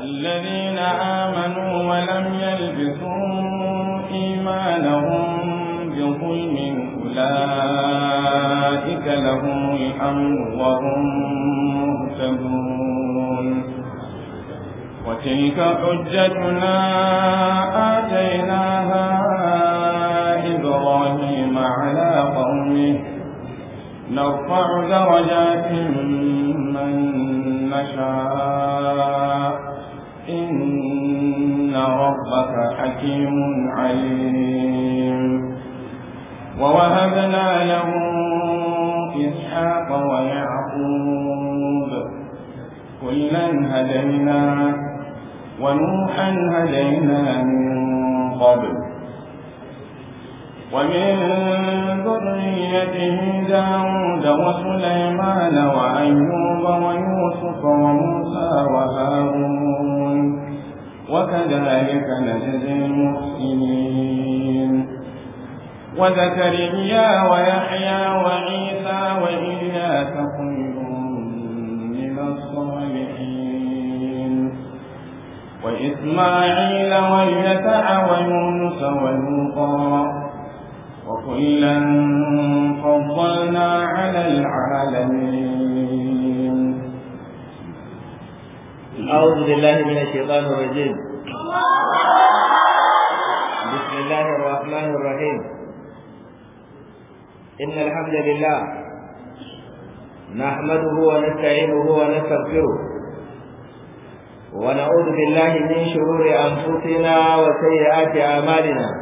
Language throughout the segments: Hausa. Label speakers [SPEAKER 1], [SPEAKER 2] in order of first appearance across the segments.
[SPEAKER 1] الذين آمنوا ولم يلبسوا إيمانهم بظلم أولئك لهم وهم مهتدون وتلك حجتنا آتيناها نرفع درجات من نشاء إن ربك حكيم عليم ووهبنا له إسحاق ويعقوب كلا هدينا ونوحا هدينا من قبل ومن ذريته داود وسليمان وأيوب ويوسف وموسى وهارون وكذلك نجزي المحسنين وزكريا ويحيى وعيسى وإلياس كل من الصالحين وإسماعيل واليسع ويونس ويوطى وكلا فضلنا على العالمين أعوذ بالله من الشيطان الرجيم
[SPEAKER 2] بسم الله الرحمن الرحيم إن الحمد لله نحمده ونستعينه ونستغفره ونعوذ بالله من شرور أنفسنا وسيئات أعمالنا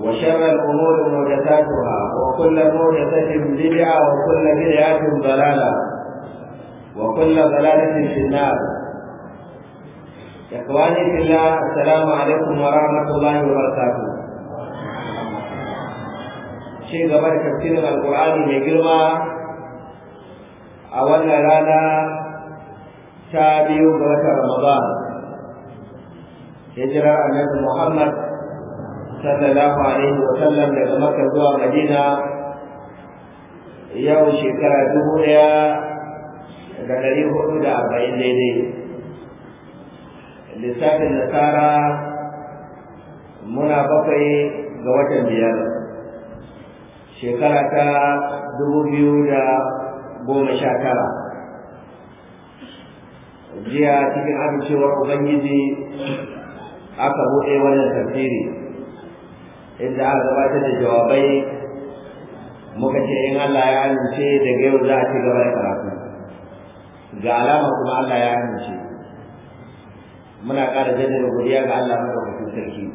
[SPEAKER 2] وشر الأمور محدثاتها وكل محدثة بدعة وكل بدعة ضلالة وكل ضلالة في النار إخواني في الله السلام عليكم ورحمة الله وبركاته شيء قبل تفسير القرآن من جرمى أولا رانا شابي وقت رمضان هجرة النبي محمد sallallahu alaihi wa sallam daga Makka zuwa Madina yau shekara dubu ɗaya da ɗari hudu da arba'in daidai lissafin nasara muna bakwai ga watan biyar shekara ta dubu biyu da goma sha tara jiya cikin amincewar ubangiji aka buɗe wannan tafsiri inda aka gabatar da jawabai muka ce in Allah ya amince daga yau za a ci gaba da karatu ga alama kuma Allah ya amince muna ƙara jaddada godiya ga Allah madaukakin sarki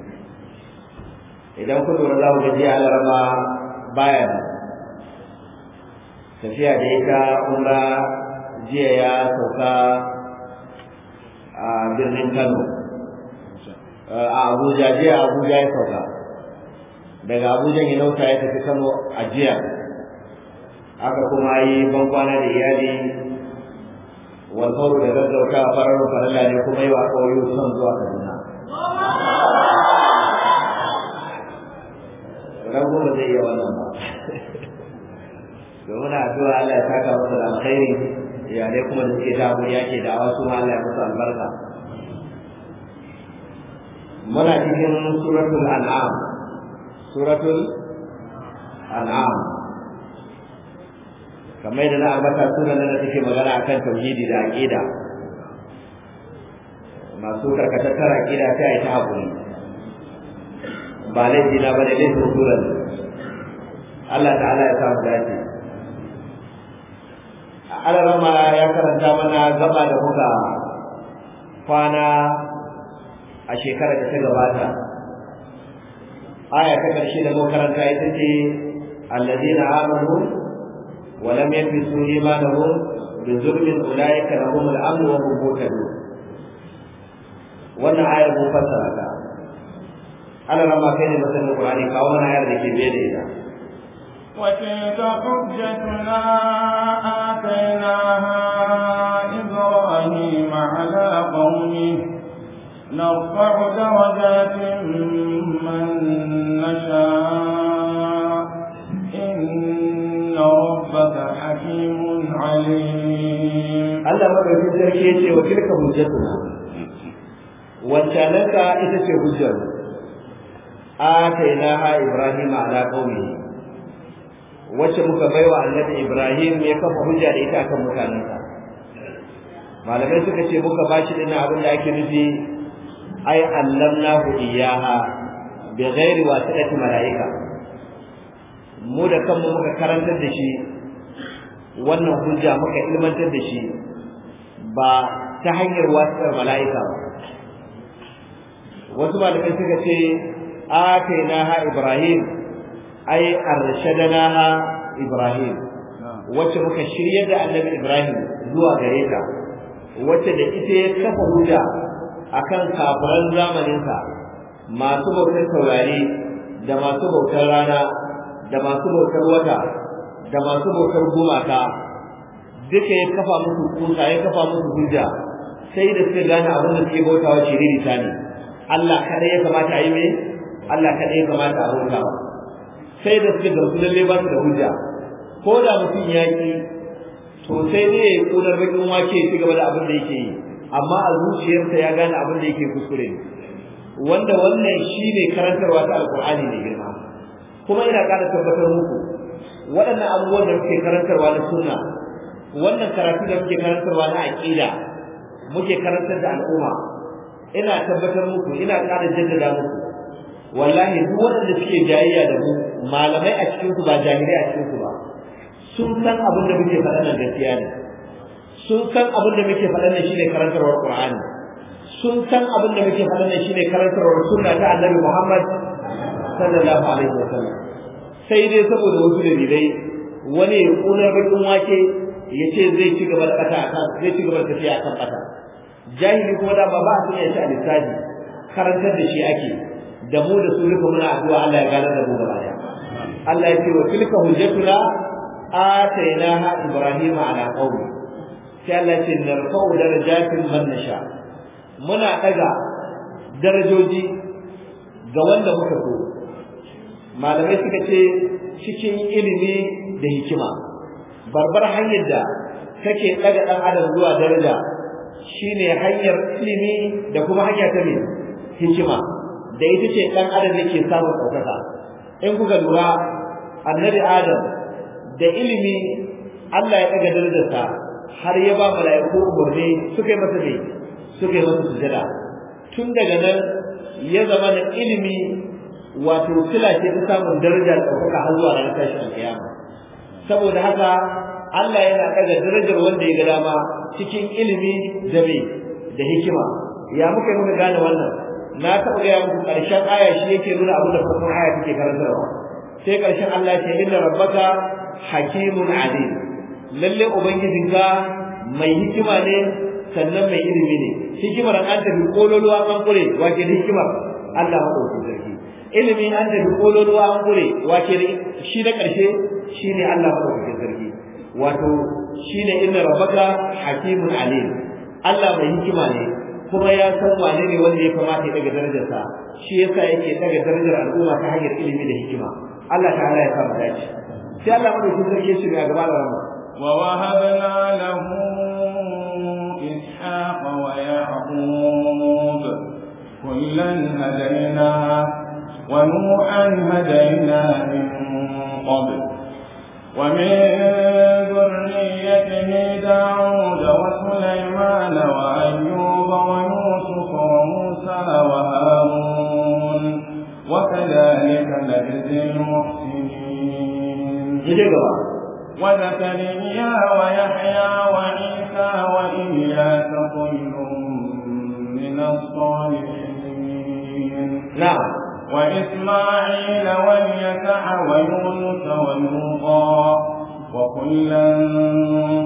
[SPEAKER 2] idan ku lura za ku ga jiya Allah rama tafiya da ita umra jiya ya sauka a birnin Kano a Abuja jiya Abuja ya sauka daga abuja ya nauta ya tafi kano a jiya aka kuma yi bankwana da iyali walfauru da gaggauta a fararen faralla ne kuma yi wa kawai son zuwa kaduna rago ba zai iya wannan ba domin addu'a Allah ya saka masa da alkhairi iyalai kuma da suke da abu ke da awa su Allah ya musu albarka muna cikin suratul an'am suratul an'am kamar da na ambata sunan da take magana akan tauhidi da aqida masu karkatattar aqida ta yi ta hakuri ba laifi na bane laifin sunan Allah ta'ala ya samu dace alarama ya karanta mana gaba da buga kwana a shekarar da ta gabata aya ta karshe da makaranta ita ce alladheena amanu wa lam yalbisu imanahum bi zulmin ulaika lahum da amn wa hum muhtadun wannan aya mun fassara ta Allah ramma kai ne masanin Qur'ani kawo mana ayar da ke biye ita
[SPEAKER 1] وتلك حجتنا آتيناها إبراهيم على قومه نرفع درجات من Allah madaukin
[SPEAKER 2] sarki yace wa tilka hujjatuna
[SPEAKER 1] wancananka
[SPEAKER 2] ita ce hujjar A atainaha ibrahim ala qaumi wacce muka baiwa annabi ibrahim ya kafa hujja da ita akan mutanensa malamai suka ce muka bashi dinnan abin da ake nufi ai allamnahu iyaha bi ghairi wasilati malaika mu da kanmu muka karantar da shi wannan hujja muka ilmantar da shi ba ta hanyar wasitar mala'ika ba wasu malamai suka ce naha ibrahim ai naha ibrahim wacce muka shirya da annabi ibrahim zuwa gare ta wacce da ita ya kafa a akan kafiran zamaninsa masu bautar taurari da masu bautar rana da masu bautar wata da masu bautar gumaka duka ya kafa musu kusa ya kafa musu hujja sai da suka gane abin da suke bautawa ne ta ne Allah kada ya kamata a yi mai Allah kada ya kamata a bauta sai da suka gamsu lalle ba su da hujja ko da mutum ya ki to sai ne ya kunar bakin wake ya ci gaba da abin da yake yi amma a zuciyarsa ya gane abin da yake kuskure wanda wannan shi ne karantarwa ta alkur'ani ne girma kuma ina ƙara tabbatar muku waɗannan abubuwan da suke karantarwa na suna. wannan karatu da muke karantarwa na aqida muke karantar da al'umma ina tabbatar muku ina ƙara jaddada muku wallahi duk wanda suke jayayya da mu malamai a cikin su ba jahilai a cikin su ba sun san abin da muke faɗa nan gaskiya ne sun san abin da muke faɗa nan shine karantarwar Qur'ani sun san abin da muke faɗa nan shine karantarwar sunna ta Annabi Muhammad sallallahu alaihi wasallam sai dai saboda wasu dalilai wani ya kunar bakin wake ya ce zai ci gaba da bata zai ci gaba da tafiya kan jahili kuma da ba ba su a lissafi karantar da shi ake da mu da su duka muna addu'a Allah ya gane da mu gaba daya Allah ya ce wa tilka hujjatuna atainaha ibrahima ala qawmi sai Allah ya ce narfa'u darajatin man nasha muna ɗaga darajoji ga wanda muka so malamai suka ce cikin ilimi da hikima barbar hanyar da take daga ɗan adam zuwa daraja shine hanyar ilimi da kuma hanya ta ne hikima da ita ce ɗan adam yake samu ɗaukaka in kuka lura annabi adam da ilimi Allah ya darajar sa har ya ba mala'iku umarni suka yi masa ne suka yi masa sujada tun daga nan ya zama da ilimi wato sila ke ta samun daraja da ɗaukaka har zuwa ranar tashin kiyama saboda haka Allah yana daga darajar wanda ya ga dama cikin ilimi da bi da hikima ya muka yi muka gane wannan na taɓa gaya muku ƙarshen aya shi yake nuna abin da farkon aya take karantarwa sai ƙarshen Allah ce inna rabbaka hakimun alim lalle ubangijinka mai hikima ne sannan mai ilimi ne hikimar an tafi kololuwa an kure wace da hikimar Allah maɗauki sarki ilimi an tafi kololuwa an kure wace shi da ƙarshe Shi ne Allah madaukakin sarki wato shi shine inna rabbaka hakimun alim Allah mai hikima ne kuma ya san wane ne wanda ya kamata ya daga darajarsa shi yasa yake daga darajar al'umma ta hanyar ilimi da hikima Allah ta'ala ya sa mu dace
[SPEAKER 1] sai Allah madaukakin sarki ya shiga gaba da ramu wa wahabna lahu ishaqa wa yaqub kullan hadaina ونوحا هدينا من قبل ومن ذريته داود وسليمان وأيوب ويوسف وموسى وهارون وكذلك نجزي المحسنين وزكريا ويحيى وعيسى وإلياس كل من الصالحين نعم وإسماعيل واليسع ويونس ولوطا وكلا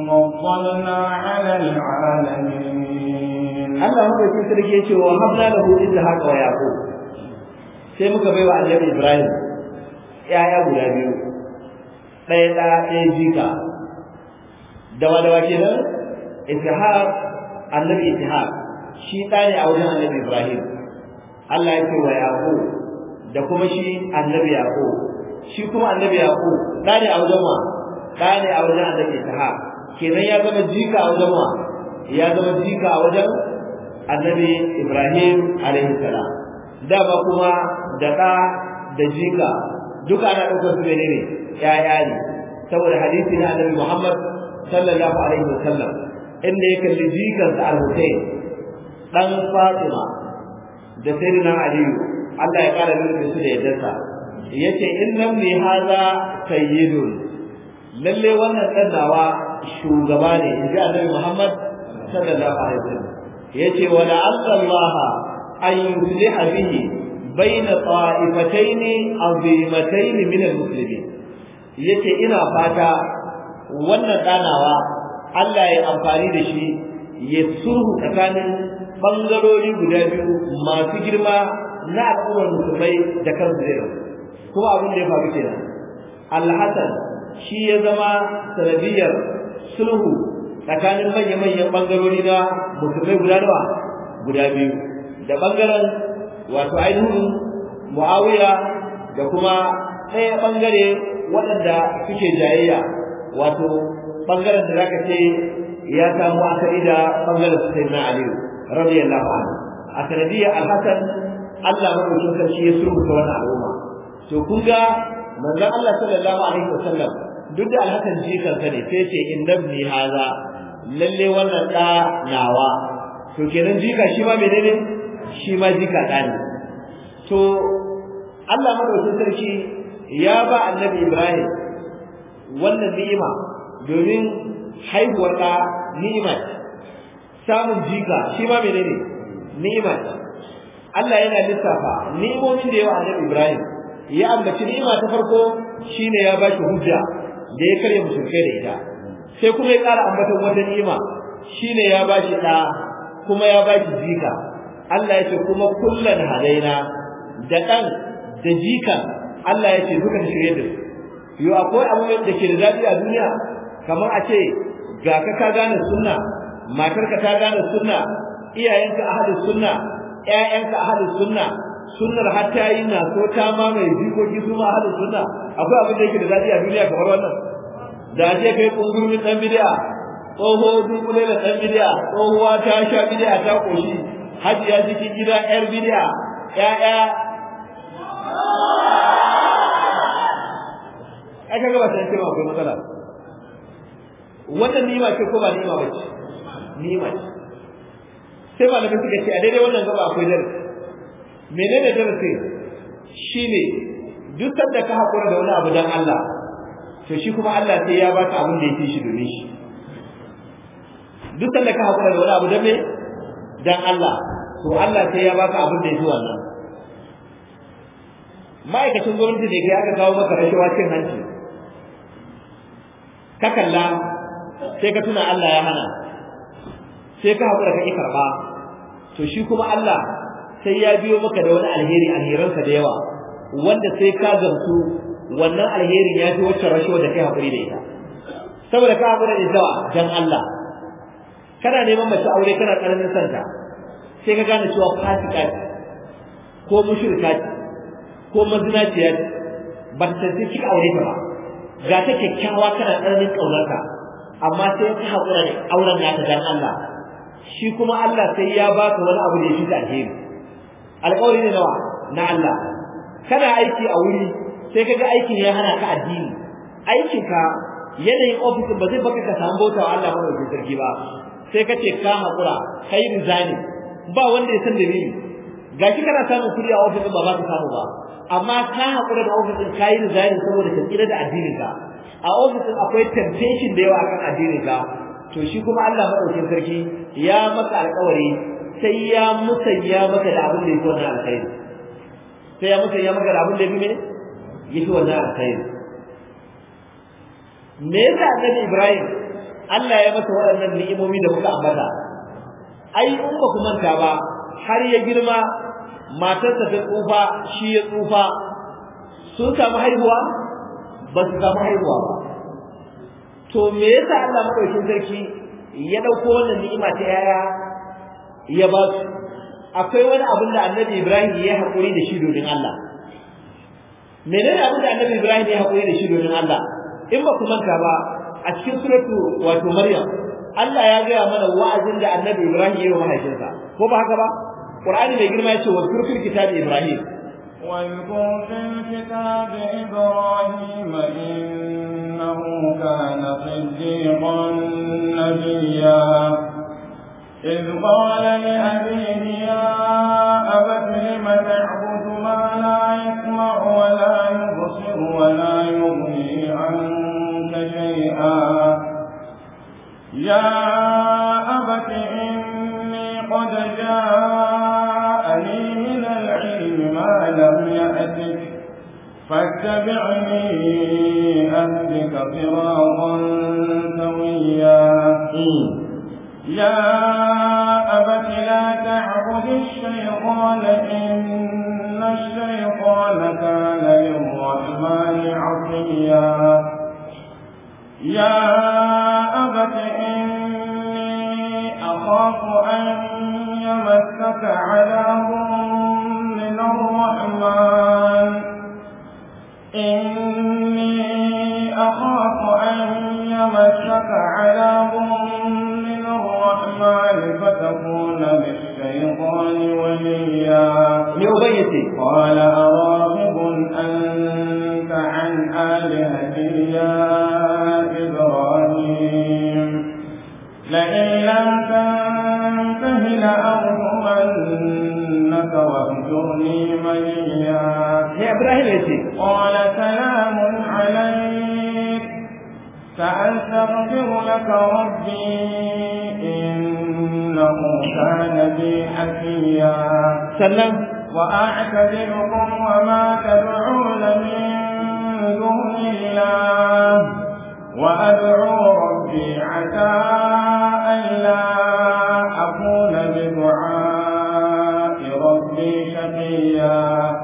[SPEAKER 1] فضلنا على العالمين الله هو يكون سرقية وهبنا له إسحاق ويعقوب sai muka baiwa annabi Ibrahim
[SPEAKER 2] ‘ya'ya guda biyu, ɗaya ɗa ɗaya jika, dawa dawa kenan Ishaq annabi Ishaq shi ɗa ne a wajen annabi Ibrahim. Allah ya ce wa Yaqub da kuma shi annabi yaqo shi kuma annabi yaqo da ne a wajen wa da ne a wajen annabi taha kenan ya zama jika a wajen wa ya zama jika a wajen annabi ibrahim alaihi salam ba kuma da da da jika duka ana ɗaukar su ne ya ya ne saboda hadisi na annabi muhammad sallallahu alaihi wasallam inda ya kalli jikansa al-husayn dan fatima da sayyidina aliyu Allah ya kara nuna su da yaddarsa yace in lam li hadha sayyidun lalle wannan dannawa shugaba ne inji annabi Muhammad sallallahu alaihi wasallam yace wa la'alla Allah an yusliha bihi baina ta'ifatayn azimatayn min al-muslimin yace ina fata wannan danawa Allah ya amfani da shi ya sulhu tsakanin bangarori guda biyu masu girma na al'ummar musulmai da kansu zai kuma abin da ya faru kenan alhasan shi ya zama sanadiyar sulhu tsakanin manya-manyan bangarori na musulmai guda nawa guda biyu da bangaren wato ainihin muawiya da kuma ɗaya bangare waɗanda suke jayayya wato bangaren da zaka ce ya samu asali da bangaren su sai na aliyu radiyallahu anhu a sanadiyar Allah madaukakin sarki ya ta wannan al'umma to kun ga manzon Allah sallallahu alaihi wasallam duk da alhakan jikan sa ne sai ce innabni haza lalle wannan da nawa to kenan jika shi ma menene shi ma jika da ne to Allah madaukakin sarki ya ba annabi Ibrahim wannan ni'ima domin haihuwar da ni'ima samun jika shi ma menene ni'ima Allah yana lissafa ni'imomin da yawa annabi Ibrahim ya ambaci nima ta farko shine ya bashi hujja da ya karya musulmai da ita sai kuma ya kara ambatan wata ni'ima shine ya bashi ɗa kuma ya bashi jika Allah ya kuma kullan halaina da ɗan da jika Allah ya ce da shirye da su yo akwai abubuwan da ke da dadi a duniya kamar a ce ga ka ka gane sunna matarka ta gane sunna iyayenka ahadin sunna ƴaƴansa ahlus sunna sunnar har ta yi na so ta mamaye jikoki su ma ahlus sunna akwai abin da yake da daɗi a duniya kamar wannan da je kai kungurumin ɗan bidiya tsoho dukule da dan bid'a tsohuwa ta sha bidiya ta koshi hajiya cikin gida ƴar bidiya ƴaƴa ai kaga ba sai cewa akwai matsala wannan nima ce ko ba nima ba ce nima ce sai malamai suka ce a daidai wannan gaba akwai darasi menene darasi shine duk sanda ka hakura da wani abu dan Allah to shi kuma Allah sai ya baka abin da yake shi domin shi duk sanda ka hakura da wani abu dan me dan Allah to Allah sai ya baka abin da yake wannan ma'aikacin gwamnati da ya ga kawo maka rashawa cin hanci ka kalla sai ka tuna Allah ya hana sai ka haƙura ka ƙi karɓa to shi kuma Allah sai ya biyo maka da wani alheri a alheransa da yawa wanda sai ka gamsu wannan alherin ya fi wacce rashuwa da kai hakuri da ita saboda ka hakura da ita dan Allah kana neman mace aure kana karamin santa sai ka gane cewa fasika ce ko mushrika ko mazinaciya ce ba ta tantance aure ta ba ga ta kyakkyawa kana karamin kaunarta amma sai ka hakura da auren nata dan Allah shi kuma Allah sai ya ba baka wani abu da ya fita alheri alƙawari ne nawa na Allah kana aiki a wuri sai kaga aikin ya hana ka addini aikin ka yanayin office ba zai baka ka samu bauta wa Allah ba sarki ba sai ka ce ka hakura kai rizani ba wanda ya san da Ga gashi kana samun kudi a office ba ba ka samu ba amma ka hakura da ofis din kai rizani saboda ka da addinin ka a ofis akwai temptation da yawa akan addinin ka to shi kuma Allah madaukin sarki ya maka alƙawari sai ya musanya maka da abin da yake wannan alƙawari sai ya musanya maka da abin da yake yake wannan alƙawari me yasa annabi Ibrahim Allah ya masa waɗannan ni'imomi da muka ambata ai in ba ku manta ba har ya girma matarsa ta tsufa shi ya tsufa sun samu haihuwa ba su samu haihuwa ba to me yasa Allah madaukin sarki ya dauko wannan ni'ima ta yaya ya ba su akwai wani abin da Annabi Ibrahim ya hakuri da shi domin Allah menene abin da Annabi Ibrahim ya hakuri da shi domin Allah in ba ku manta ba a cikin suratu wato Maryam Allah ya gaya mana wa'azin da Annabi Ibrahim ya yi wa mahaifinsa ko ba haka ba Qur'ani mai girma ya ce wa kirkir kitabi
[SPEAKER 1] Ibrahim واذكر في الكتاب إبراهيم إنه كان صديقا نبيا إذ قال لأبيه يا أبت لم تعبد ما لا يسمع ولا يبصر ولا يغني عنك شيئا يا أبت إني قد جاءت لي من العلم ما لم يأتك فاتبعني أهدك صراطا سويا يا أبت لا تعبد الشيطان إن الشيطان كان للرحمن عصيا يا أبت إني أخاف أن مسك عذاب من الرحمن إني أخاف أن يمسك عذاب من الرحمن فتكون للشيطان وليا لأبيتي قال أراغب أنت عن آلهتي يا إبراهيم لئن لم Ya Ibrahim ya ce, Ƙwala salamun alaik, sa’an sarfi wula kawabi in na kuka na bi afiya. Sallan? Wa a aka zai hukun wa ma ta zuru na min zuhunila, wa a zuru rabbi a يكونون بدعاء ربي شقيا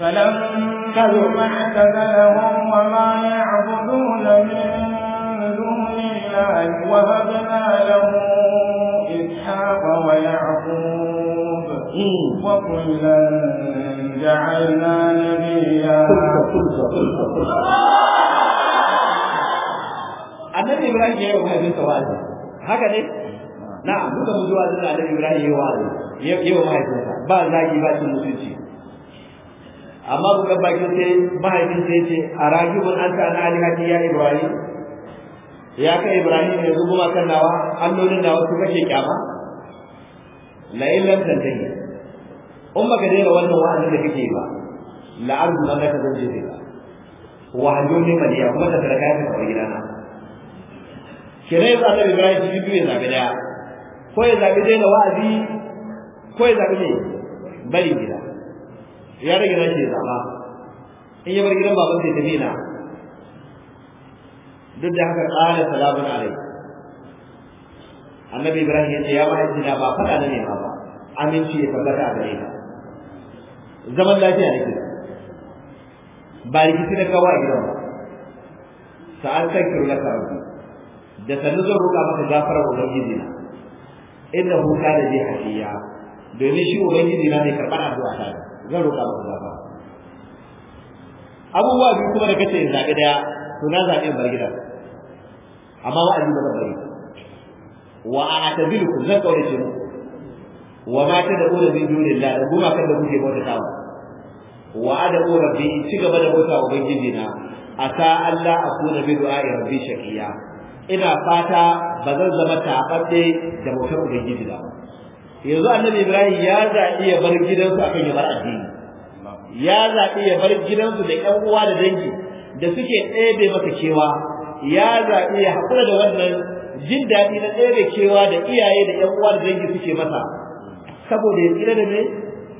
[SPEAKER 1] فلما اعتزلهم وما يعبدون من دون الله وهبنا له إسحاق ويعقوب وكلا جعلنا نبيا
[SPEAKER 2] annabi ibrahim ya yi wa mahaifinsa wa'azi haka na duka mutuwa da Annabi Ibrahim ya wa'azi ya wa mahaifinsa ba zagi ba cin mutunci amma bukan bakin sai mahaifin sai ce a ragibin an ta na alihati ya Ibrahim ya kai Ibrahim ya zubo ma kan nawa allolin nawa su kashe kyama la illam tantahi in ka daina wannan wa'azin da kake ba la arzu man ka zanje ne ba wa hajjoni ya kuma da sadaka ya tafi gidana kire za ta Ibrahim bibi ya zabi daya ko ya zabi daina wa'azi ko ya zabi ne gida ya rage na shi zama in ya bar gidan baban sai ta na duk da haka qala salamu alayhi annabi ibrahim ya ce ya mahaifina ba faɗa ne ba ba aminci ya tabbata da gare zaman lafiya ne kira ba rikici na kawai a gidan ba sa'an kan kirulaka rabbi da sannu zan roƙa maka gafarar ubangiji na inda huka da je hafiya domin shi ubangiji na mai karɓar addu'a ta zan roƙa masa zafa abubuwa biyu kuma da kace zaɓi daya to na zaɓi in bar gida amma wa'azi ba zan bari wa a'tazilukum zan kaurace muku wa ma bin dole dunillahi da goma kan da kuke bauta ta wa ad'u rabbi ci gaba da bauta ubangiji na asa Allah a kuna bi du'a rabbi shaqiya ina fata ba zan zama taɓaɓɓe da bautar ubangiji ba yanzu annabi ibrahim ya zabi ya bar gidansu akan ya bar addini ya zabi ya bar gidansu da ƴan uwa da dangi da suke ɗebe maka cewa, ya zabi ya haƙura da wannan jin daɗi na ɗebe cewa da iyaye da ƴan uwa da dangi suke masa saboda ya tsira da me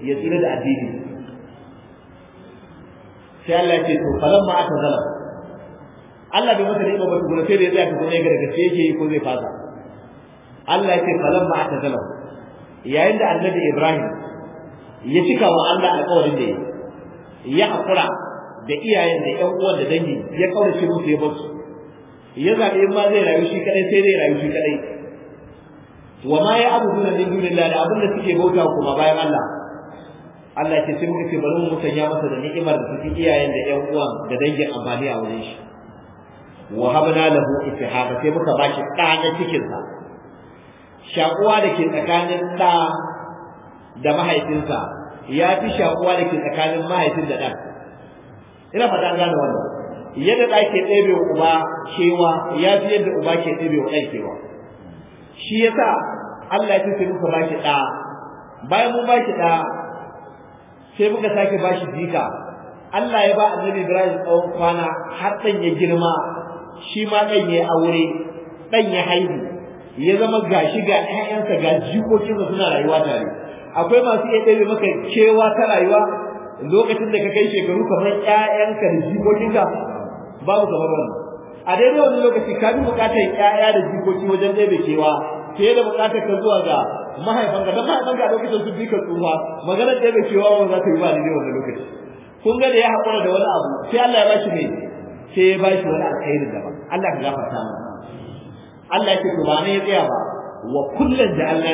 [SPEAKER 2] ya tsira da addini sai Allah ya ce to falamma aka zalama Allah bai masa ni'ima ba tukuna sai da ya tsaya tukuna ya gargace yake yi ko zai fasa Allah ya ce falan ba ta zala yayin da annabi Ibrahim ya cika wa Allah alƙawarin da ya hakura da iyayen da ƴan uwan da dangi ya kaurace musu ya bar su ya zaɓi in ma zai rayu shi kadai sai dai rayu shi kadai wa ma ya abu na min dunillah da abin da suke bauta kuma bayan Allah Allah ya ce sai muke ce bari mu musanya masa da ni'imar da suke iyayen da ƴan uwan da dangin amfani a wurin shi wa habna lahu ishaq sai muka bashi ɗa na cikin sa shakuwa da ke tsakanin ɗa da mahaifinsa ya fi shakuwa da ke tsakanin mahaifin da ɗan ina faɗa an gane wannan yadda ɗa ke ɗebe wa uba cewa ya fi yadda uba ke ɗebe wa ɗan cewa. shi yasa Allah ya tafi muka bashi ɗa bayan mun bashi ɗa sai muka sake bashi jika Allah ya ba annabi Ibrahim tsawon kwana har ɗan ya girma shi ma ɗan ya aure ɗan ya haihu ya zama gashi ga ƴaƴansa ga jikokinsa suna rayuwa tare akwai masu iya ɗebe maka cewa ta rayuwa lokacin da ka kai shekaru kamar ƴaƴanka da jikokinka babu kamar wannan a daidai wani lokaci ka bi buƙatar ƴaƴa da jikoki wajen ɗebe cewa, ke da buƙatar ka zuwa ga mahaifanka don mahaifanka lokacin su bi ka tsufa maganar ɗebe cewa wani za ta yi ba daidai wani lokaci kun ga da ya haƙura da wani abu sai Allah ya ba shi ne sai ya bashi wani alkhairi daban Allah ka gafarta mu Allah yake to ba ne ya tsaya ba wa kullun da Allah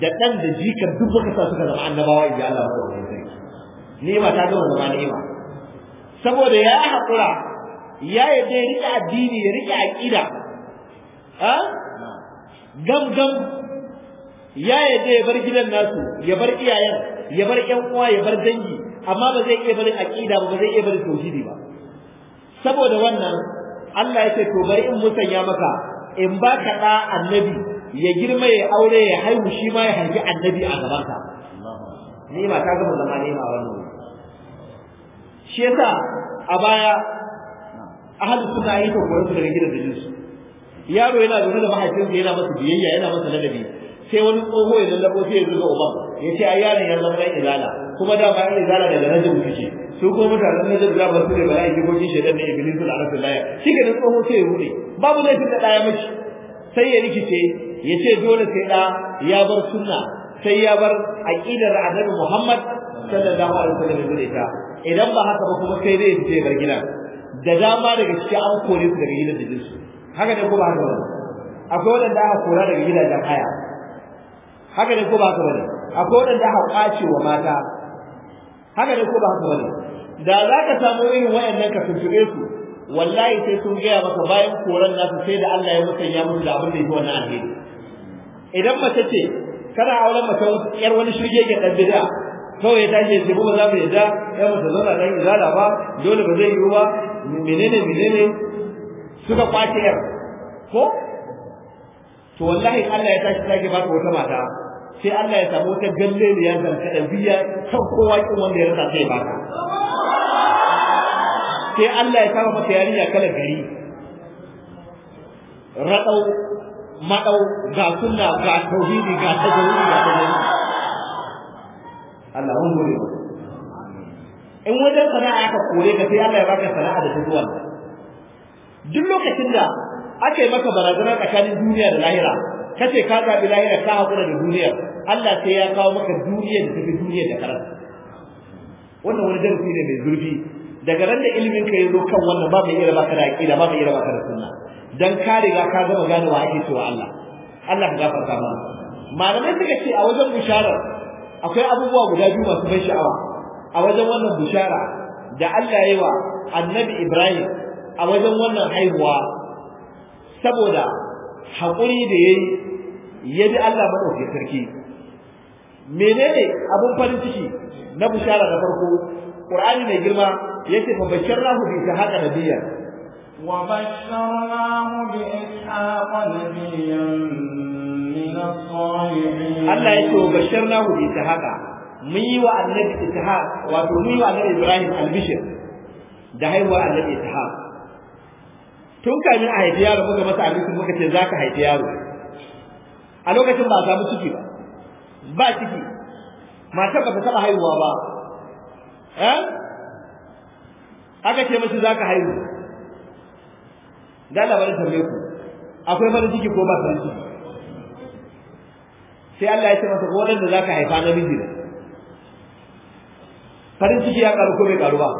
[SPEAKER 2] da dan da jika duk wanda sa suka zama annabawa inji Allah ba wani sai ba ta zama ni ni'ima saboda ya haƙura ya yadda ya rika addini ya rika aqida ha gam gam ya yadda ya bar gidan nasu ya bar iyayen ya bar ƴan uwa ya bar dangi amma ba zai iya barin aqida ba ba zai iya barin tauhidi ba saboda wannan Allah yake to bari in musanya maka in ba ka da annabi ya girma ya aure ya haihu shi ma ya haifi annabi a gaban ka ma ta gama zama ma wannan shi yasa a baya ahlus sunna yi to koyar da gidan da jinsu yaro yana da mahaifin da yana masa biyayya yana masa ladabi sai wani tsoho ya lallabo sai ya zuba uban ya ce ayyana yaron ya zama ɗan izala kuma da ba ilala izala daga rajin su ko mutanen Najd da ba su da bala'i ko kin shedan ne iblis da Allah laya shi ke da tsoho sai ya rude babu laifin da daya miki sai ya rikice ya ce dole sai da ya bar sunna sai ya bar aqidar annabi Muhammad sallallahu alaihi wasallam da ita idan ba haka ba kuma sai dai ya bar gida. da dama daga cikin an kore su daga gidan da jinsu haka ne ko ba haka ba akwai wanda aka kora daga gidajen haya haka ne ko ba haka ba akwai wanda aka kwace wa mata haka ne ko ba haka ba da za ka samu irin wayannan ka tuntube su wallahi sai sun gaya maka bayan koran nasu sai da Allah ya mutan ya mutu da abin da yake wannan alheri idan mace ce kana auren mace yar wani shirye ke dan bid'a kawai ya tashi ya ce ba za mu yadda ya mutu zauna dan izala ba dole ba zai yi ba menene menene suka kwace yar ko to wallahi Allah ya tashi sake ba wata mata sai Allah ya samu wata galle ne ya zanta da biya kan kowa kin wanda ya rasa sai baka sai Allah ya kama maka yarinya kala gari radau madau ga sunna ga tauhidi ga tajawidi ga tajawidi Allah mun gode in wajen sana'a aka kore ka sai Allah ya baka sana'a da tajawidi duk lokacin da aka yi maka barazana tsakanin duniya da lahira kace ka zabi lahira ka hakura da duniya Allah sai ya kawo maka duniya da tafi duniya da karanta wannan wani darasi ne mai zurfi daga ran da ilimin ka yazo kan wannan ba mai iya ka da aqida ba mai iya ka da sunna dan ka riga ka gama gane wa ake cewa Allah Allah ka gafarta mana malamai suka ce a wajen bishara akwai abubuwa guda biyu masu ban sha'awa a wajen wannan bishara da Allah yayi wa Annabi Ibrahim a wajen wannan haihuwa saboda haƙuri da yayi ya bi Allah madaukakin sarki menene abun farin ciki na bushara na farko qur'ani mai girma yace fa basharnahu bi ishaqa nabiyya
[SPEAKER 1] wa basharnahu bi ishaqa nabiyya
[SPEAKER 2] min as-salihin Allah yace wa basharnahu bi ishaqa mun yi wa annabi ishaq wato mun yi wa annabi Ibrahim albishir da haihuwa annabi ishaq tun kamin a haifi yaro muka masa abin muka ce zaka haifi yaro a lokacin ba ta mutu ba ba ciki matar ba ta taɓa haihuwa ba eh aka ce mace za ka haihu dan labarin tambaye ku akwai farin ciki ko ba farin ciki sai Allah ya ce masa gonar da za ka haifa na miji ne farin ciki ya karu ko bai karu ba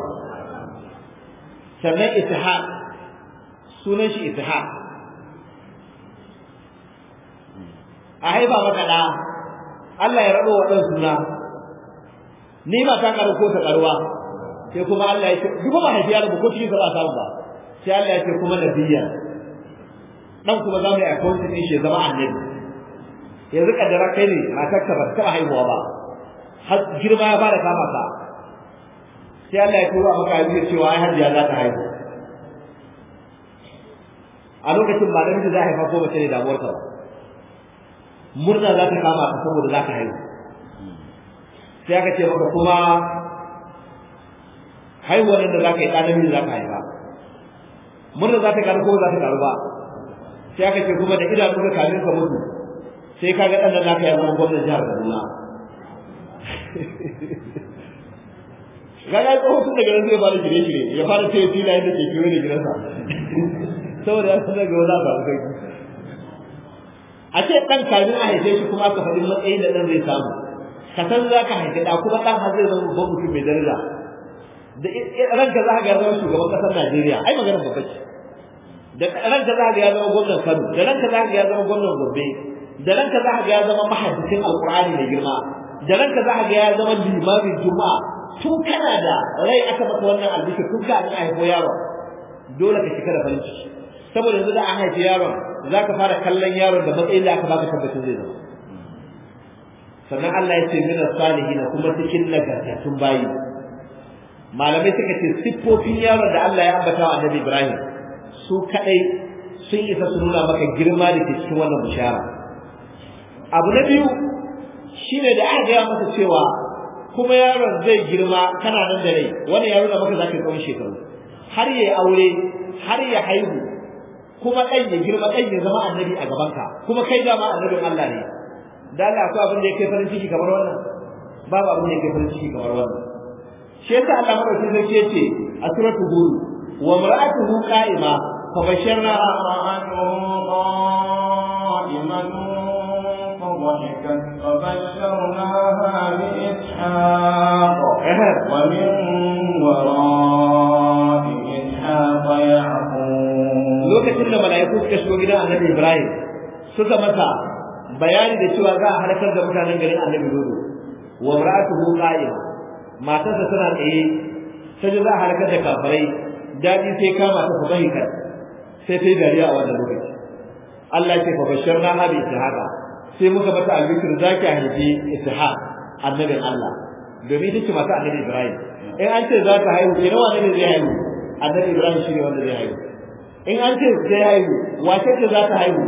[SPEAKER 2] sannan ittiha sunan shi ittiha a haifa maka ɗa Allah ya rabo wa suna ni ba ta ƙaru ko ta ƙaruwa sai kuma Allah ya ce duk ba haifi yaro ko cikin ba samu ba sai Allah ya ce kuma biya. dan kuma za mu yi akwanti ɗin shi zama annabi yanzu kaddara kai ne matarka ba taɓa haihuwa ba har girma ya fara kama ka sai Allah ya a maka ya cewa ai hajiya za ta haihu a lokacin ba namiji za a haifa ko mace ne damuwar ta ba murna za ta kama ka saboda za ka haihu sai aka ce maka kuma haihuwar da za ka yi ɗan za ka haifa murna za ta karu ko za ta karu ba sai aka ce kuma da idanu ka kamin ka mutu sai ka ga ɗan da za ka yi zama gwamnan jihar Kaduna gaga tsohon tun daga nan zai fara shirye-shirye ya fara ce filayen da ke kewaye da gidansa saboda ya san daga wani abu a kai a ce ɗan kamin a haife shi kuma aka faɗi matsayin da ɗan zai samu ka san za ka haife ɗa kuma ɗan har zai zama babban mutum mai daraja da ranka za ka ga zama shugaban ƙasar Najeriya ai maganar babba ce da ranka za ka ga ya zama gwamnan Kano da ranka za ka ga ya zama gwamnan Gombe da ranka za ka ga ya zama mahaddicin Alƙur'ani mai girma da ranka za ka ga ya zama limamin Juma'a tun kana da rai aka maka wannan albishir tun ka a haifo yaro dole ka shiga da farin ciki saboda yanzu da an haifi yaron za ka fara kallon yaron da matsayin da aka baka tabbacin zai zama sannan Allah ya ce mina salihi na kuma cikin nagartattun bayi malamai suka ce siffofin yaron da Allah ya ambata wa Annabi Ibrahim su kadai sun isa su nuna maka girma da ke cikin wannan bishara abu na biyu shine da aka gaya masa cewa kuma yaron zai girma kana nan da rai wani yaro da maka zaka tsawon shekaru har ya aure har ya haihu kuma ɗan ya girma ɗan ya zama annabi a gabanka kuma kai dama annabin Allah ne da Allah akwai abin da ya kai farin ciki kamar wannan babu abin da ya kai farin ciki kamar wannan shi yasa Allah madaukakin sarki yace a suratul hud wa mar'atuhu qa'ima
[SPEAKER 1] fa basharna فضحكت فبشرناها بإسحاق ومن وراء إسحاق يعقوب lokacin da mala'iku suka shigo gidan annabi ibrahim suka masa
[SPEAKER 2] bayani da cewa za a halakar da mutanen garin annabi Dodo wa maratuhu qa'ima matarsa tana tsaye sai za a halakar da kafirai dadi sai kama ta fahimta sai sai dariya a wannan lokaci Allah ya ce fa basharna habi haka. sai muka bata albikir zaki a haifi ishaq annabi Allah domin ita ce mata annabi ibrahim in an ce za ta haihu ne wa ne zai haihu annabi ibrahim shi ne wanda zai haihu in an ce zai haihu wace ce za ta haihu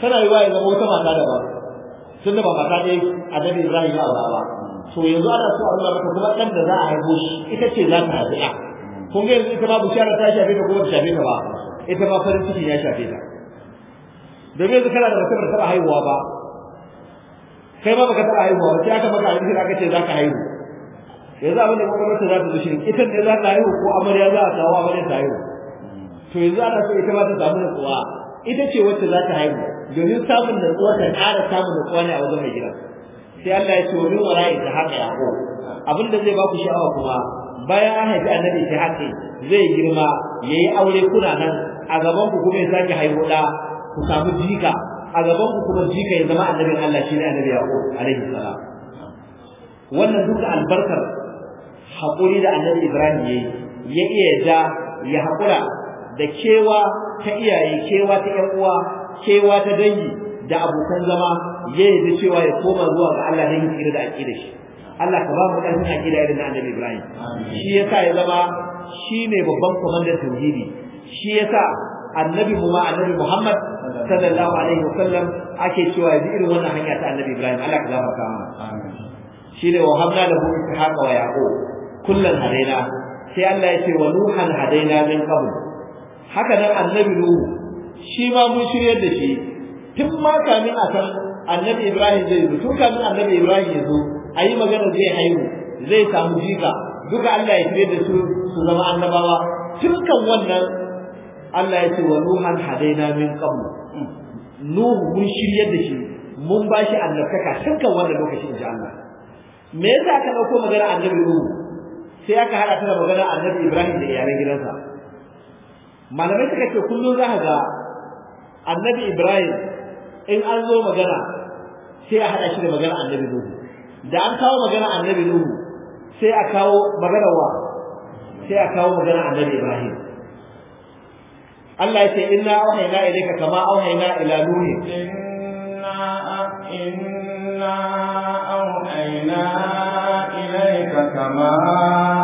[SPEAKER 2] tana yi wa ya zama wata mata da ba da ba mata ne a Ibrahim ya aura ba to yanzu ana so a nuna kuma kan da za a haihu shi ita ce za ta haihu a kun ga yanzu ita ma bishara ta shafe ta kuma ta shafe ta ba ita ma farin ciki ya shafe ta domin yanzu kana da mutum da taɓa haihuwa ba kai ma baka taɓa haihuwa ba sai aka maka alƙawari aka ce za ka haihu yanzu abin da kuma mace za ta zo shi ita ne za ta haihu ko amarya za a kawo amarya ta haihu to yanzu ana so ita ma ta samu natsuwa ita ce wacce za ta haihu domin samun natsuwa ta ƙara samun natsuwa ne a wajen mai gidan sai Allah ya ce wani wara wara'i ta ya ko. abin da zai ba ku sha'awa kuma bayan an haifi annabi ta haka zai girma ya yi aure kuna nan a gaban ku kuma ya sake haihu da ku samu jika a gaban ku kuma jika ya zama annabin Allah shi ne annabi ko, alaihi wannan da albarkar haƙuri da annabi Ibrahim yi ya iya ja ya haƙura da kewa ta iyaye kewa ta ƴan uwa kewa ta dangi da abokan zama yayin da cewa ya koma zuwa ga Allah da yake da aqida shi Allah ka ba mu ƙarfin aqida irin na Annabi Ibrahim shi yasa ya zama shi ne babban kwamandan tauhidi shi yasa annabi mu ma annabi Muhammad sallallahu alaihi wasallam ake cewa ya ji irin wannan hanya ta annabi Ibrahim Allah ka mu kama. shi ne wa hamna da hu haƙa wa yaqub kullan hadaina sai Allah ya ce wa nuhan hadaina min qabl haka nan annabi nuhu shi ma mun shiryar da shi tun ma kamin a san annabi ibrahim zai zo tun kamin annabi ibrahim ya zo a yi magana zai haihu zai samu jika duka allah ya shirya da su su zama annabawa tun kan wannan allah ya ce wa nuhan hadaina min qablu nuhu mun shiryar da shi mun ba shi annabtaka tun kan wannan lokacin ji allah me yasa aka ɗauko magana annabi nuhu sai aka haɗa ta da magana annabi ibrahim da iyalan gidansa malamai suka ce kullum za ka ga annabi ibrahim in an zo magana sai a haɗa shi da magana annabi nuhu da an kawo magana annabi nuhu sai a kawo magana wa sai a kawo magana annabi ibrahim Allah ya ce inna auhayna ilayka kama auhayna ila nuhi inna
[SPEAKER 1] inna auhayna ilayka kama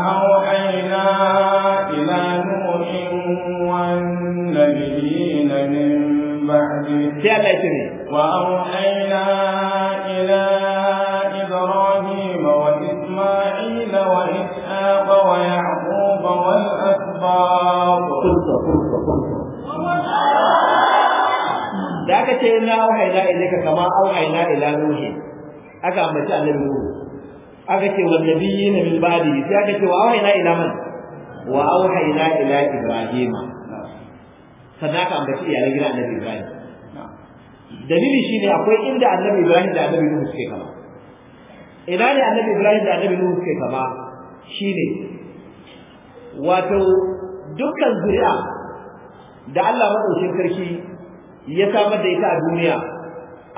[SPEAKER 1] والنبيين من بعده وأوحينا إلى إبراهيم وإسماعيل وإسحاق ويعقوب والأسباط
[SPEAKER 2] da aka ce na auhaina ilaika kama auhaina ila nuhi aka aka ce wa nabiyyi na min ba'di sai aka ce wa auhaina ila man wa auhaina ila ibrahima sannan ka ambaci iyalan gidan annabi Ibrahim dalili shine akwai inda annabi Ibrahim da annabi Nuhu suke kama ina ne annabi Ibrahim da annabi Nuhu suke kama shine wato dukkan zuri'a da Allah madaukakin sarki ya samar da ita a duniya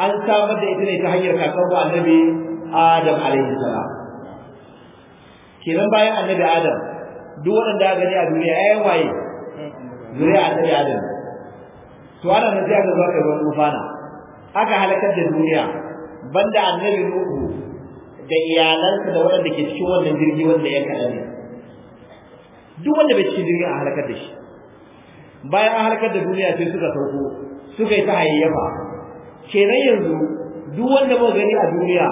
[SPEAKER 2] an samar da ita ne ta hanyar kakan annabi Adam alaihi salam kenan bayan annabi Adam duk waɗanda ya gani a duniya ayyan waye zuriya annabi adam to ana da jiya ga zuwa kai wani tufana aka halakar da duniya banda annabi nuhu da iyalansa da waɗanda ke cikin wannan jirgi wanda ya kaɗa ne duk wanda bai cikin jirgin a halakar da shi bayan an halakar da duniya sai suka sauko suka yi ta hayayyafa kenan yanzu duk wanda muka gani a duniya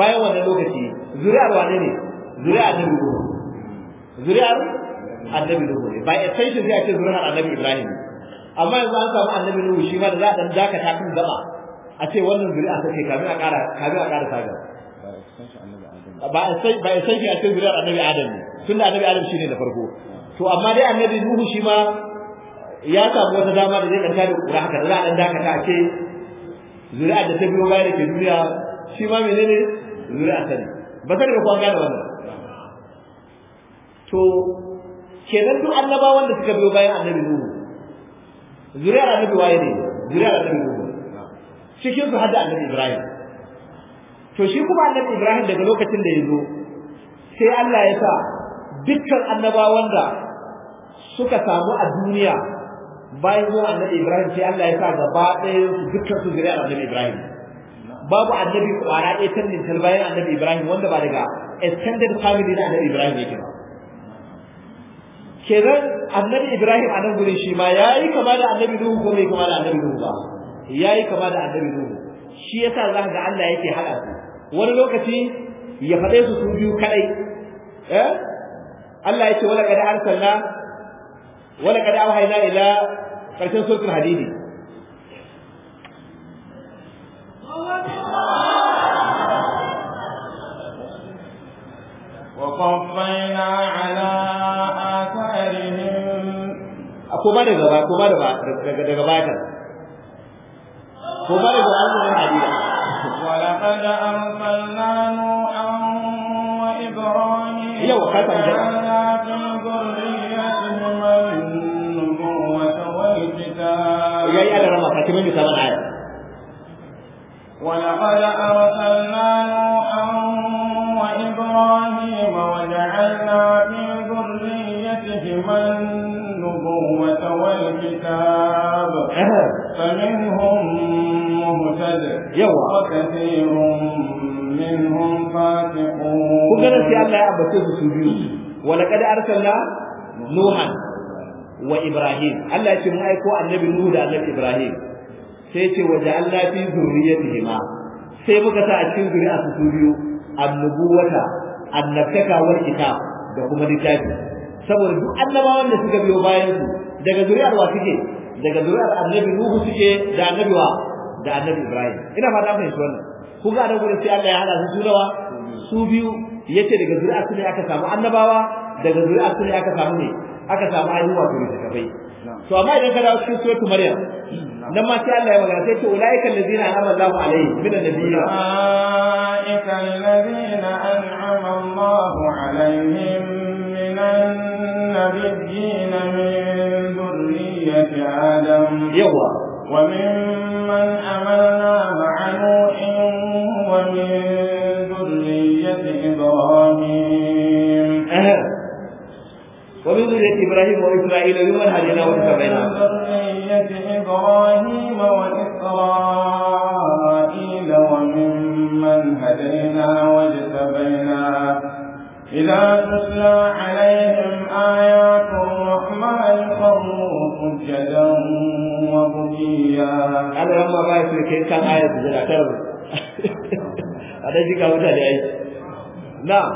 [SPEAKER 2] bayan wannan lokaci zuri'ar wane ne zuri'ar annabi nuhu zuri'ar annabi nuhu ne by extension sai a ce zuriyar annabi ibrahim amma yanzu an samu annabi nuhu shi ma da za a dan dakata kan zama a ce wannan zuri'a take kamin a ƙara kamin a ƙara saga ba sai ba sai a ce zuriyar annabi adam ne tunda annabi adam shine da farko to amma dai annabi nuhu shi ma ya samu wata dama da zai ɗan tada kura haka za a ɗan dakata a ce zuri'a da ta biyo baya da ke duniya shi ma menene zuri'a ta ne ba sai da kowa gane wannan to kenan duk annabawan da suka biyo bayan annabi nuhu zuriyar annabi waye ne zuriyar annabi nuhu cikin su hadda annabi ibrahim to shi kuma annabi ibrahim daga lokacin da ya zo sai Allah ya sa dukkan annabawan da suka samu a duniya bayan zuwa annabi ibrahim sai Allah ya sa gaba ɗaya dukkan su zuriyar annabi ibrahim babu annabi kwara ɗaya tannin talbayan annabi ibrahim wanda ba daga extended family na annabi ibrahim yake ba kenan annabi ibrahim a nan gurin shi ma yayi kama da annabi nuhu ko bai kama da annabi nuhu ba yayi kama da annabi nuhu shi yasa za ga Allah yake haɗa su wani lokaci ya faɗe su su biyu kadai eh Allah yake wala kada arsalna wala kada awhayna ila karshen sulhul hadidi
[SPEAKER 1] وقفينا على
[SPEAKER 2] kuma daga ba kuma daga daga bata
[SPEAKER 1] kuma daga wannan hadisi ولقد أرسلنا نوحا وإبراهيم وجعلنا في ذريتهما النبوة والكتاب ولقد أرسلنا نوحا وإبراهيم وجعلنا في ذريتهما والكتاب فمنهم مهتد وكثير منهم فاتقون
[SPEAKER 2] كنا في الله يا أبا سيد ولقد أرسلنا نوحا وإبراهيم الله يتم أيكو النبي نوح النبي إبراهيم سيتي وجعلنا في ذريتهما sai muka sa a cikin zuri'a su biyu annubuwata annabtaka wal kitab da kuma littafi saboda duk annabawan da suka biyo bayan su daga zuriyar wa suke daga zuriyar annabi nuhu suke da annabi wa da annabi ibrahim ina fata mun fahimci wannan ku ga da gurin sai Allah ya hada su dawa, su biyu yace daga zuriyar su ne aka samu annabawa daga zuriyar su ne aka samu ne aka samu ayyuka to da kafai to amma idan ka dawo cikin suratul maryam nan ma sai Allah ya magana sai ce ulaiikal ladina an'ama Allah alaihim minan nabiyyin
[SPEAKER 1] ulaiikal ladina an'ama Allah alaihim النبيين من ذرية آدم يوا وممن حملنا مع نوح ومن ذرية إبراهيم ومن ذرية إبراهيم وإسرائيل ومن هدينا واجتبينا ومن ذرية إبراهيم وإسرائيل إذا تتلى عليهم آيات الرحمن خروا سجدا وبكيا أنا لما رأيت كيف كان آية سجدا كرم هذا جيك أوتا لأي نعم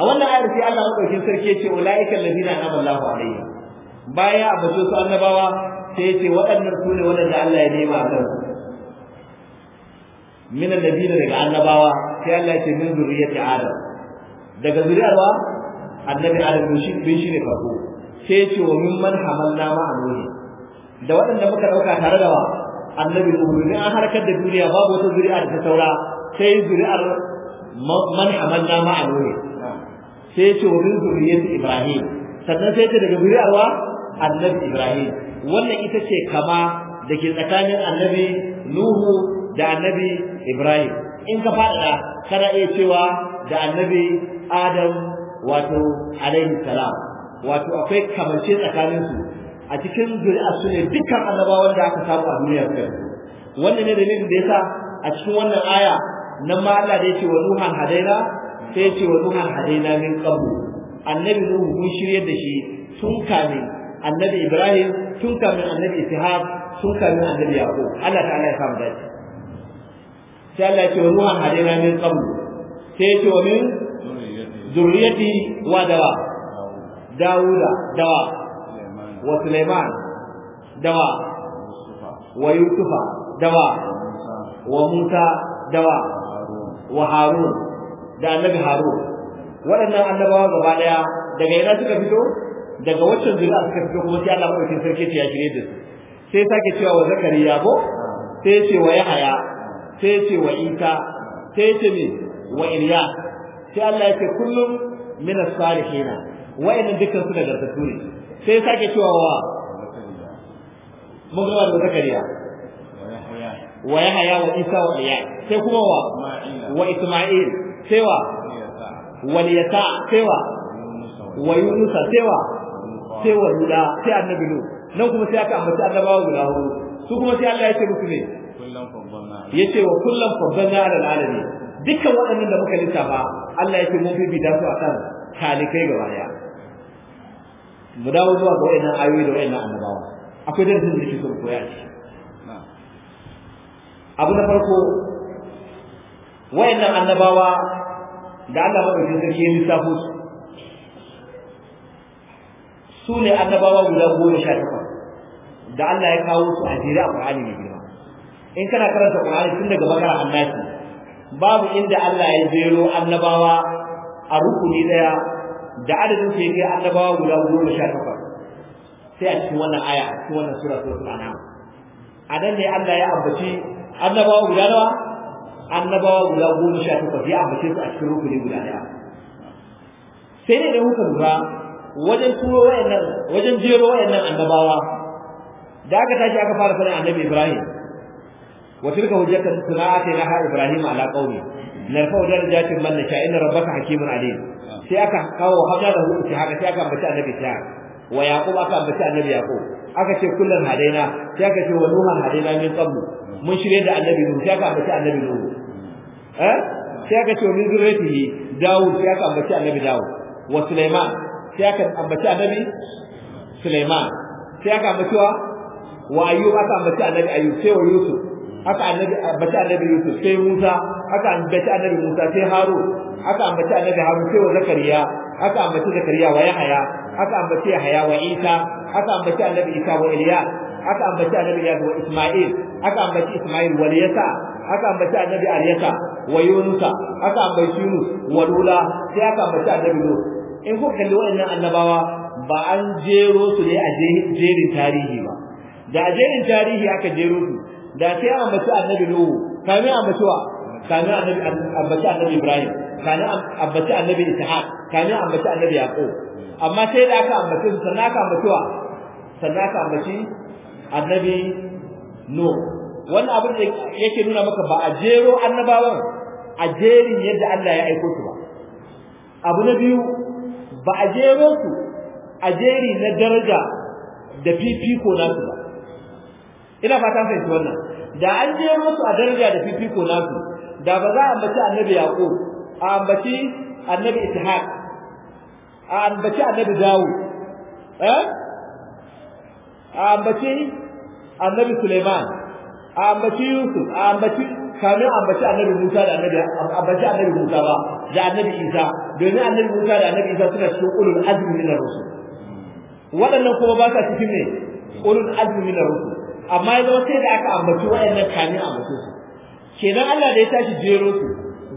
[SPEAKER 2] أولا آية في الله أقول كيف سركي أولئك الذين أنعم الله عليهم بايا أبتوس أنبوا sai ce waɗannan su ne waɗanda Allah يديم nema من الذين min annabiyina daga annabawa sai ذرية ya daga zuriyarwa wa annabi adam shi bin shi ne farko sai ce wa man hamalna ma anuni da waɗanda muka ɗauka tare da wa annabi ubu ne an harkar da duniya babu wata zuriya da ta saura sai zuriyar man hamalna ma anuni sai ce wa min zuriyati ibrahim sannan sai ce daga zuriyarwa wa annabi ibrahim wannan ita ce kama da ke tsakanin annabi nuhu da annabi ibrahim in ka faɗaɗa kana iya cewa da annabi adam wato alaihi salam wato akwai kamance tsakanin su a cikin zuri'a su ne dukkan annabawan da aka samu a duniyar kai wannan ne dalilin da yasa a cikin wannan aya nan ma Allah da yake wa ruhan hadaina sai yake wa ruhan hadaina min qablu annabi nuhu mun shiryar da shi tun kame annabi ibrahim tun kame annabi ishaq tun kame annabi yaqub Allah ta'ala ya samu dace sai Allah ya ce wa ruhan hadaina min qablu sai ce wa min zurriyati wa dawa dawuda dawa wa sulaiman dawa wa yusufa dawa wa musa dawa wa harun da annabi harun waɗannan annabawa gaba ɗaya daga ina suka fito daga waccan a suka fito kuma sai Allah madaukakin sarki ya shirye da su sai sake cewa wa zakariya ko sai ce wa yahaya sai ce wa isa sai ce me wa irya sai Allah ya ce kullum min as-salihin in dukkan su nagartattu ne sai ya sake cewa wa gaba da zakariya wa yahya wa isa wa iya sai kuma wa wa isma'il sai wa wa yata sai wa wa yunus sai wa sai wa luda sai annabi lu nan kuma sai aka ambaci annabawa guda hudu su kuma sai Allah ya ce musu ne yace wa kullum fadalla ala alamin dukkan waɗannan da muka lissafa Allah yake mun da su akan talikai ga daya mu dawo zuwa ga wayannan ayoyi da wayannan annabawa akwai darasin da yake koya shi abu na farko wayannan annabawa da Allah madaukakin sarki ya lissafo su su ne annabawa guda goma sha takwas da Allah ya kawo su a jere a Qur'ani mai girma in kana karanta Qur'ani tun daga bakara annabi babu inda Allah ya zero annabawa a rukuni daya da adadin su yake annabawa guda 18 sha sai a cikin wannan aya a cikin wannan sura ta Qur'ana a nan ne Allah ya ambaci annabawa guda nawa annabawa guda 18 sha takwas ya ambace su a cikin rukuni guda daya sai ne da muka lura wajen turo wayannan wajen jero wayannan annabawa da aka tashi aka fara sanin annabi Ibrahim wa tilka hujjatun sana'atinaha ibrahim ala qaumi narfa'u darajatin man nasha inna rabbaka hakimun alim sai aka kawo hada da hukunci haka sai aka ambaci annabi ta wa yaqub aka ambaci annabi yaqub aka ce kullun hadaina sai aka ce wa hadaina min qabl mun shirye da annabi nuhu sai aka ambaci annabi nuhu eh sai aka ce min zurriyatihi daud sai aka ambaci annabi daud wa sulaiman sai aka ambaci annabi sulaiman sai aka ambaci wa ayyub aka ambaci annabi ayyub sai wa yusuf haka annabi bace annabi Yusuf sai Musa haka bace annabi Musa sai Harun haka bace annabi Harun sai Zakariya haka bace Zakariya wa Yahaya haka bace Yahaya wa Isa haka bace annabi Isa wa Ilyas haka bace annabi Ilyas wa Isma'il haka bace Isma'il wa Yasa haka bace annabi Alyasa wa Yunus haka bace Yunus wa Lula sai haka bace annabi Lut in ku kalli wannan annabawa ba an jero su ne a jerin tarihi ba da a jerin tarihi aka jero su da sai an ambaci annabi nuhu kamin ambaci wa kamin an ambaci annabi ibrahim kamin ambaci annabi ishaq kamin ambaci annabi yaqub amma sai da aka ambaci sannan aka ambaci wa sannan aka ambaci annabi nuh wannan abin da yake nuna maka ba a jero annabawan a jerin yadda Allah ya aiko su ba abu na biyu ba a jero su a jeri na daraja da fifiko nasu ba ina fatan sai su wannan da an je musu a daraja da fifiko nasu da ba za a ambaci annabi yaqub a ambaci annabi ishaq a ambaci annabi dawud eh a ambaci annabi suleiman a ambaci yusuf a ambaci a ambaci annabi musa da annabi ambaci annabi musa ba da annabi isa domin annabi musa da annabi isa suna cikin ulul azmi na rusul waɗannan kuma ba sa cikin ne ulul azmi na rusul amma ya zama sai da aka ambaci waɗannan kamin mutu su kenan Allah da ya tashi jero su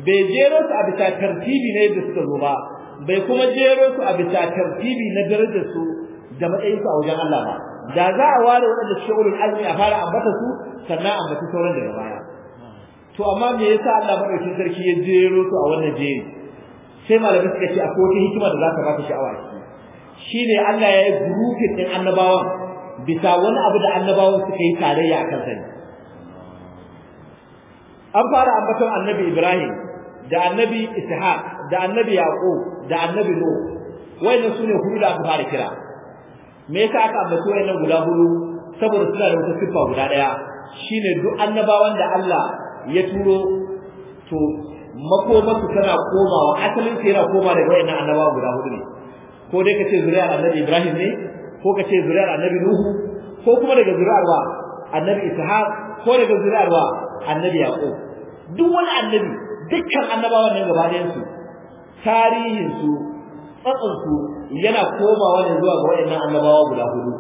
[SPEAKER 2] bai jero su a bisa tartibi ne da suka zo ba bai kuma jero su a bisa tartibi na darajar su da matsayin su a wajen Allah ba da za a ware waɗanda suke wurin azumi a fara ambata su sannan ambaci sauran daga baya to amma me yasa Allah madaukakin sarki ya jero su a wannan jeri sai malamin suka ce akwai wata hikima da za ta baka sha'awa shine Allah ya yi grouping din annabawan bisa wani abu da annabawan suka yi tarayya a kansa an fara ambaton annabi ibrahim da annabi ishaq da annabi yaqub da annabi nuh wayannan sune hudu da aka fara kira me yasa aka ambaci wannan guda hudu saboda suna da wata siffa guda daya shine duk annabawan da Allah ya turo to tana komawa asalin su yana koma daga wayannan annabawa guda hudu ne ko dai kace zuriyar annabi ibrahim ne ko ka ce zuri'ar annabi nuhu ko kuma daga zuriyar wa annabi ishaq ko daga zuriyar wa annabi yaqub duk wani annabi dukkan annabawan nan gaba ɗayan su tarihin su tsatsun su yana komawa ne zuwa ga wayannan annabawa guda hudu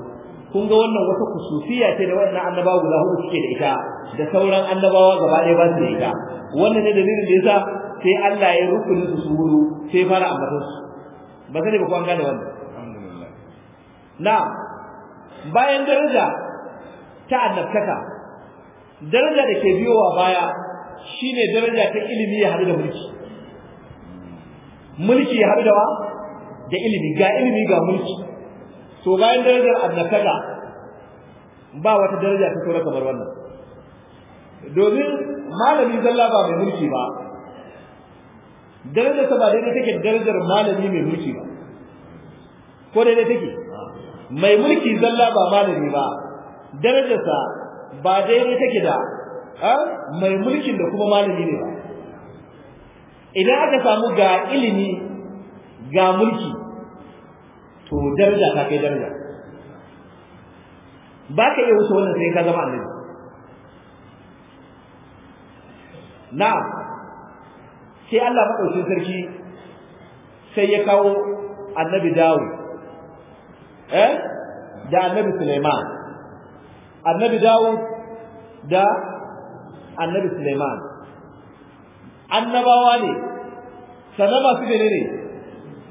[SPEAKER 2] kun ga wannan wata kusufiya ce da wayannan annabawa guda hudu suke da ita da sauran annabawa gaba ɗaya ba su da ita wannan ne dalilin da yasa sai Allah ya rukunin su su hudu sai fara ambatansu. su ba sai ba ku an gane wannan na bayan daraja ta annabtaka daraja da ke biyowa baya shine daraja ta ilimi ya haɗu da mulki mulki ya haɗu da wa da ilimi ga ilimi ga mulki to bayan darajar annabtaka ba wata daraja ta saura kamar wannan domin malami zalla ba mai mulki ba darajar ta ba daidai take darajar malami mai mulki ba ko daidai take mai mulki zalla ba malami ba darajarsa ba daidai take da mai mulkin da kuma malami ne ba idan aka samu ga ilimi ga mulki to daraja ta kai daraja ba ka iya wuce wannan sai ka zama annabi na'am sai Allah madaukakin sarki sai ya kawo annabi Dawu. eh da annabi Sulaiman annabi Dawud da annabi Sulaiman annabawa ne sanan masu gane ne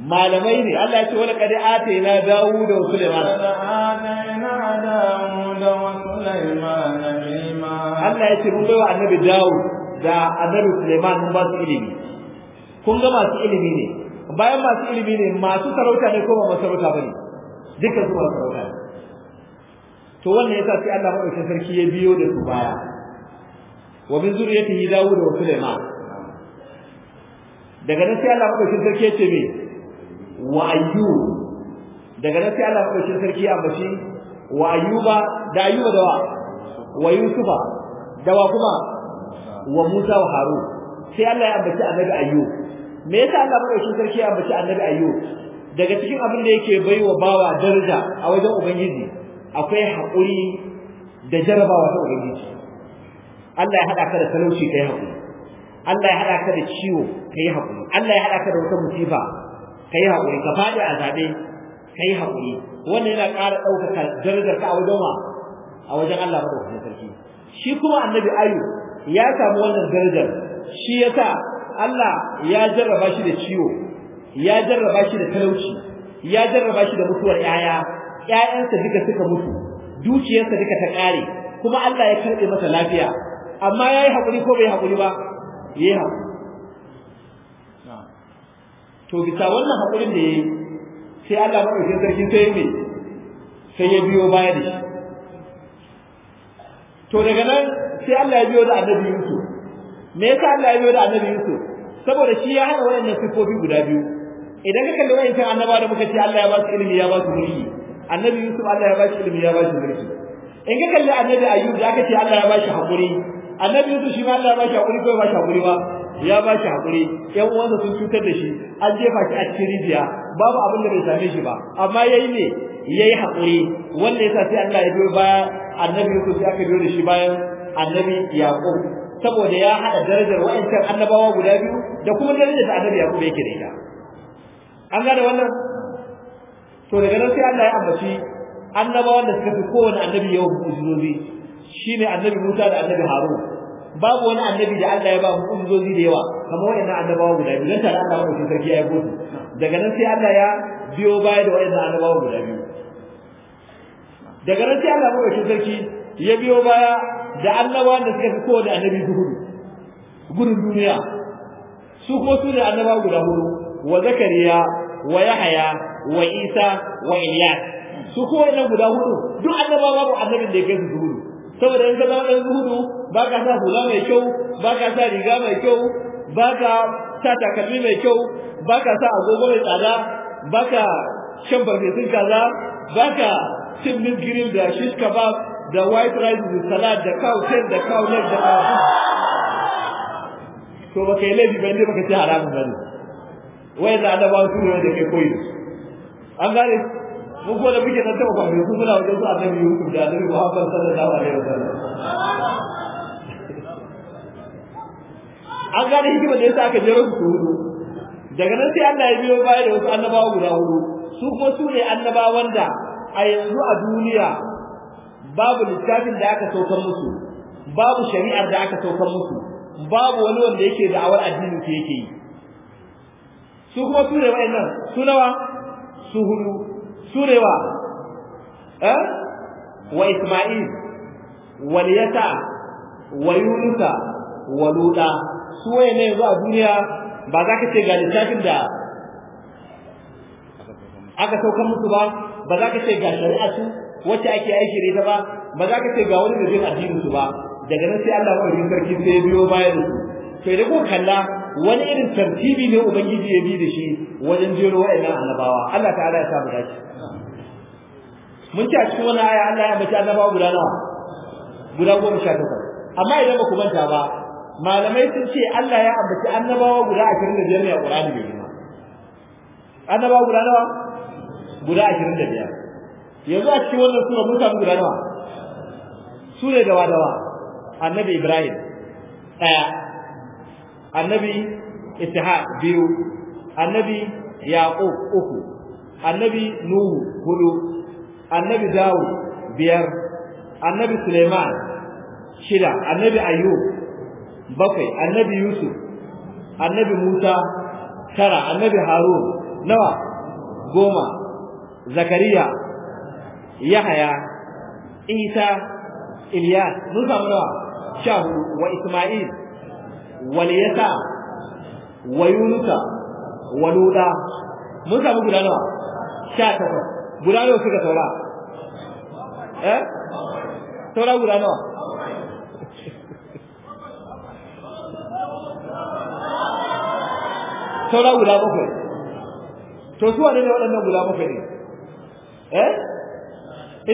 [SPEAKER 2] malamai ne Allah ya ce wala yi atayna Dawud da Sulaiman Allah ya ce mun bai wa annabi Dawud da annabi Sulaiman mun ba su ilimi kun ga masu ilimi ne bayan masu ilimi ne masu sarauta ne ko ba masu sarauta bane dukkan su masu ɗauka to wannan yasa sai Allah madaukakin sarki ya biyo da su baya wa min zuriyatihi Dawud wa Sulaiman daga nan sai Allah madaukakin sarki ya ce me wa ayyub daga nan sai Allah madaukakin sarki ya ambaci wa ayyuba da ayyuba da wa wa yusufa da wa kuma wa Musa wa Harun sai Allah ya ambaci annabi ayyub me yasa Allah madaukakin sarki ya ambaci annabi ayyub daga cikin abin da yake baiwa bawa daraja a wajen ubangiji akwai haƙuri da jarabawa ta ubangiji Allah ya hada ka da talauci kai haƙuri Allah ya hada ka da ciwo kai haƙuri Allah ya hada ka da wata musiba kai haƙuri ka fadi a zaɓe kai haƙuri wannan yana ƙara ɗaukaka darajar ka a wajen ma a wajen Allah madaukakin sarki shi kuma annabi ayu ya samu wannan darajar shi yasa Allah ya jarraba shi da ciwo ya jarraba shi da talauci ya jarraba shi da mutuwar yaya 'ya'yansa duka suka mutu dukiyarsa duka ta kare kuma Allah ya karbe masa lafiya amma yayi hakuri ko bai hakuri ba yayi hakuri to bisa wannan hakurin da yayi sai Allah madaukakin sarki sai me sai ya biyo baya da shi to daga nan sai Allah ya biyo da annabi Yusuf me yasa Allah ya biyo da annabi Yusuf saboda shi ya hana waɗannan sifofi guda biyu idan ka kalli wa'ancan annaba da muka ce Allah ya ba su ilimi ya ba su mulki annabi Yusuf Allah ya ba shi ilimi ya ba shi mulki in ka kalli annabi Ayyub da aka ce Allah ya ba shi hakuri annabi Yusuf shi ma Allah ya ba shi hakuri ko ba shi hakuri ba ya ba shi hakuri ƴan uwansa sun cutar da shi an jefa shi a cikin rijiya babu abin da bai same shi ba amma yayi ne yayi hakuri wanda yasa sai Allah ya biyo baya annabi Yusuf sai aka biyo da shi bayan annabi Yaqub saboda ya hada darajar kan annabawa guda biyu da kuma darajar da annabi Yaqub yake da ita an gane wannan to daga nan sai Allah ya ambaci annabawan da suka fi kowane annabi yawan shi shine annabi Musa da annabi Harun babu wani annabi da Allah ya ba mu'jizozi da yawa kamar wayannan annabawa guda biyu dan tare Allah madaukakin sarki ya yi daga nan sai Allah ya biyo baya da wayannan annabawa guda biyu daga nan sai Allah ya madaukakin sarki ya biyo baya da annabawan da suka fi kowane annabi zuhudu gudun duniya su ko su ne annabawa guda hudu wa zakariya wa yahaya wa isa wa ilyas su ko wannan guda hudu duk annaba babu annabin da ya kai su zuhudu saboda in ka zama dan zuhudu ba ka sa hula mai kyau ba ka sa riga mai kyau ba ka sa takalmi mai kyau ba ka sa agogo mai tsada ba ka shan farfesun kaza ba ka cin min grill da shish kebab da white rice da salad da cow tail da cow leg da cow to baka yi laifi ba inda baka ka ci haramun ba ne wai da annabawa su ne da ke koyi an gane mu ko da muke nan tabo kwafi su suna wajen su annabi Yusuf da annabi Muhammad sallallahu alaihi wasallam an gane hikima da yasa aka jero su hudu daga nan sai Allah ya biyo baya da wasu annabawa guda hudu su ko su ne annaba wanda a yanzu a duniya babu littafin da aka saukar musu babu shari'ar da aka saukar musu babu wani wanda yake da'awar addini ke yake yi su kuma ture wa'annan su nawa su hudu surewa eh wa isma'il wa yata wa yunusa wa luda su wa'annan yanzu a duniya ba za ka ce ga littafin da aka saukar musu ba ba za ka ce ga shari'a su wacce ake aiki da ita ba ba za ka ce ga wani da zai addinin su ba daga nan sai Allah yi sarki sai biyo bayan su to da ko kalla wani irin tartibi ne ubangiji ya bi da shi wajen jero wa'annan annabawa Allah ta'ala ya sa mu dace mun ci a cikin wani aya Allah ya bace annabawa guda nawa guda goma sha takwas amma idan ba ku manta ba malamai sun ce Allah ya ambaci annabawa guda ashirin da biyar ne a Qur'ani mai girma annabawa guda nawa guda ashirin da biyar yanzu a cikin wannan sura mun samu guda nawa sura dawa dawa annabi Ibrahim ɗaya annabi ishaq biyu annabi yaqub uku annabi nuhu hudu annabi dawud biyar annabi suleiman shida annabi ayyub bakwai annabi yusuf annabi musa tara annabi harun nawa goma zakariya yahaya isa ilyas mun samu nawa sha hudu wa isma'il waliyata wa yunusa wa luda mun samu guda nawa sha takwas guda nawa suka saura eh saura guda nawa saura guda bakwai to su wane ne waɗannan guda bakwai ne eh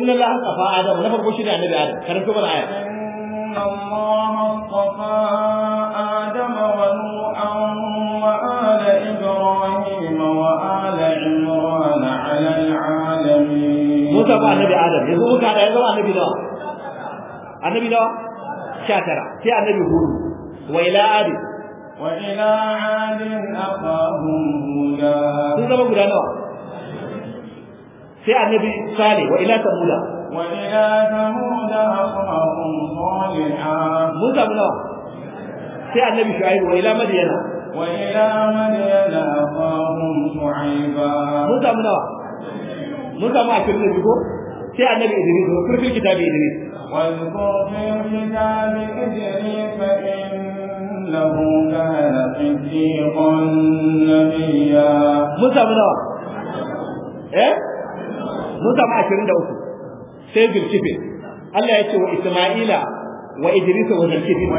[SPEAKER 2] inna allaha qafa adam na farko shi ne annabi adam karanta mana aya
[SPEAKER 1] annabi nawa sha tara sai
[SPEAKER 2] annabi hudu wa
[SPEAKER 1] ila adi wa ila adi aqahum
[SPEAKER 2] hudan sai zama sai annabi sale wa ila
[SPEAKER 1] samuda Musa mu nawa? Sai annabi shu'aibu wa ila madiyana. Wa ila madiyana
[SPEAKER 2] akhahum shu'aiba. Musa mu nawa? Musa mu a cikin da biko?
[SPEAKER 1] Sai annabi idris ko kurfin kitabi idris. Musa mu nawa? Eh? Musa mu a cikin da uku.
[SPEAKER 2] sai zulkifil Allah ya ce wa Isma'ila wa Idris wa zulkifil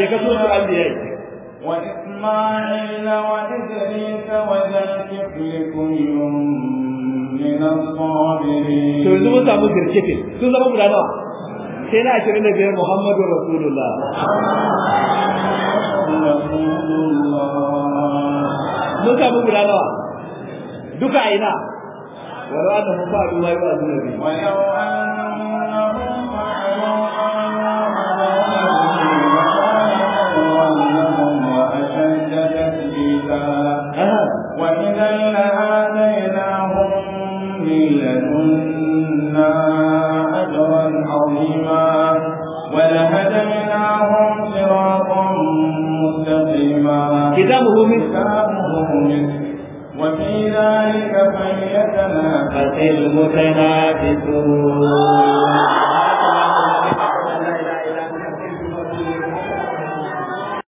[SPEAKER 1] ya ga su anbiya wa Isma'ila wa Idris wa zulkifil kullun min as-sabirin to yanzu mun
[SPEAKER 2] samu sun zama guda nawa sai na Muhammadu Rasulullah mun guda nawa duka a ina ولو أنهم فعلوا ما يوعظون
[SPEAKER 1] به ولو أن المتنافسون